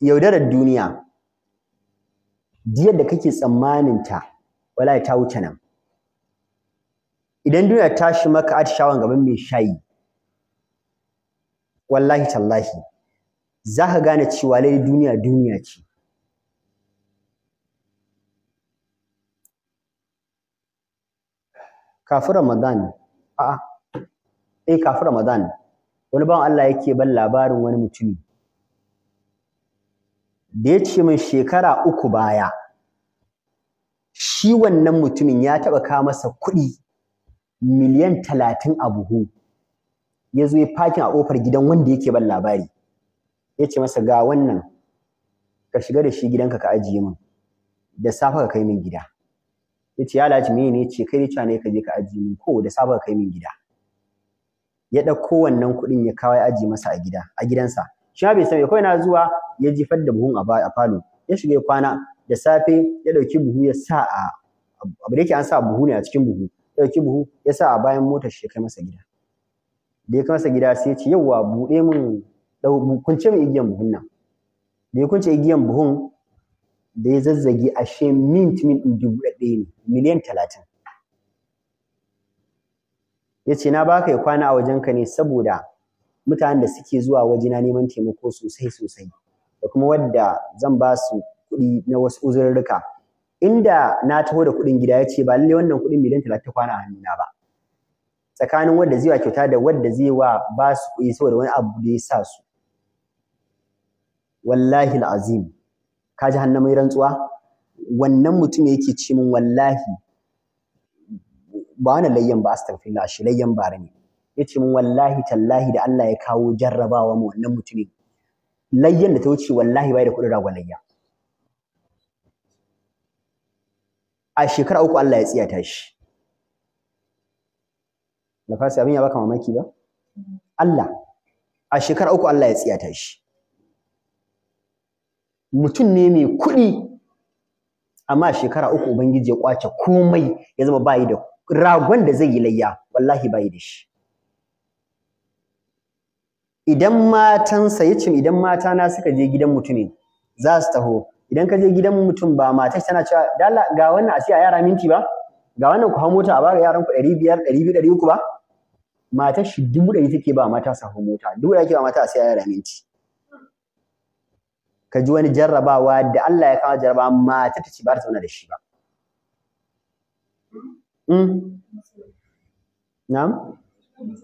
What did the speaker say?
yaudarar duniya diyar da kake tsammanin ta wallahi ta wuce nan idan duniya ta shi maka atishawan gaban mai shayi wallahi tallahi za ka gane cewa lai duniya duniya ce kafin ramadan a'a eh kafin ramadan wani bawan Allah yake ban labarin wani mutumi da ya ce mai shekara uku baya shi wannan mutumin ya taɓa kawo masa kuɗi miliyan talatin a buhu ya zo ya fakin a ƙofar gidan wanda yake ban labari ya ce masa ga wannan ka shiga da shi gidanka ka ajiye min da safe ka kai min gida ya ce ya laci me ne ce kai rica ne ka je ka ajiye min ko da safe ka kai min gida ya ɗauko wannan kuɗin ya kawo ya ajiye masa a gida a gidansa shi ma bai sani kawai na zuwa ya jifar da buhun a falo ya shiga kwana da safe ya ɗauki buhu ya sa a abu da yake an sa buhu ne a cikin buhu ya ɗauki buhu ya sa a bayan motar shi ya kai masa gida da ya kai masa gida sai ya ce yauwa buɗe min kunce min igiyan buhun nan da ya kunce igiyan buhun da ya zazzage ashe mint mint ɗin dubu ɗaya ne miliyan talatin ya ce na baka ya kwana a wajenka ne saboda mutanen da suke zuwa wajena neman taimako sosai sosai da kuma wadda zan ba su kuɗi na wasu uzurruka inda na taho da kuɗin gida ya ce ba lallai wannan kuɗin miliyan talatin ta kwana a hannuna ba tsakanin wadda zai wa kyauta da wadda zai wa ba su kuɗi saboda wani abu da ya sa su wallahi azim ka ji hannun mai rantsuwa wannan mutum yake ce min wallahi ba wani layyan ba astaghfirullah shi layyan bara ne yace min wallahi tallahi da Allah ya kawo jarrabawa mu wannan mutumin layyan da ta wuce wallahi bai da kuɗin ragwalayya a shekara uku Allah ya tsiyata shi na fasa abin ya baka mamaki ba Allah a shekara uku Allah ya tsiyata shi mutum ne mai kuɗi amma a shekara uku ubangiji ya kwace komai ya zama bai da ragon da zai yi layya wallahi bai da shi idan matansa ya ce idan mata na suka je gidan mutumin za su taho idan ka je gidan mutum ba matar tana cewa dala ga wannan a ce a yara minti ba ga wannan ku hau mota a bara yaran ku ɗari biyar ɗari biyu ɗari uku ba matar shi dubu ɗari take ba mata su hau mota dubu ɗari ke ba mata a sai a yara minti ka ji wani jarrabawa da Allah ya kawo jarraba mata ta ce ba ta zauna da shi ba. Hmm? Na'am?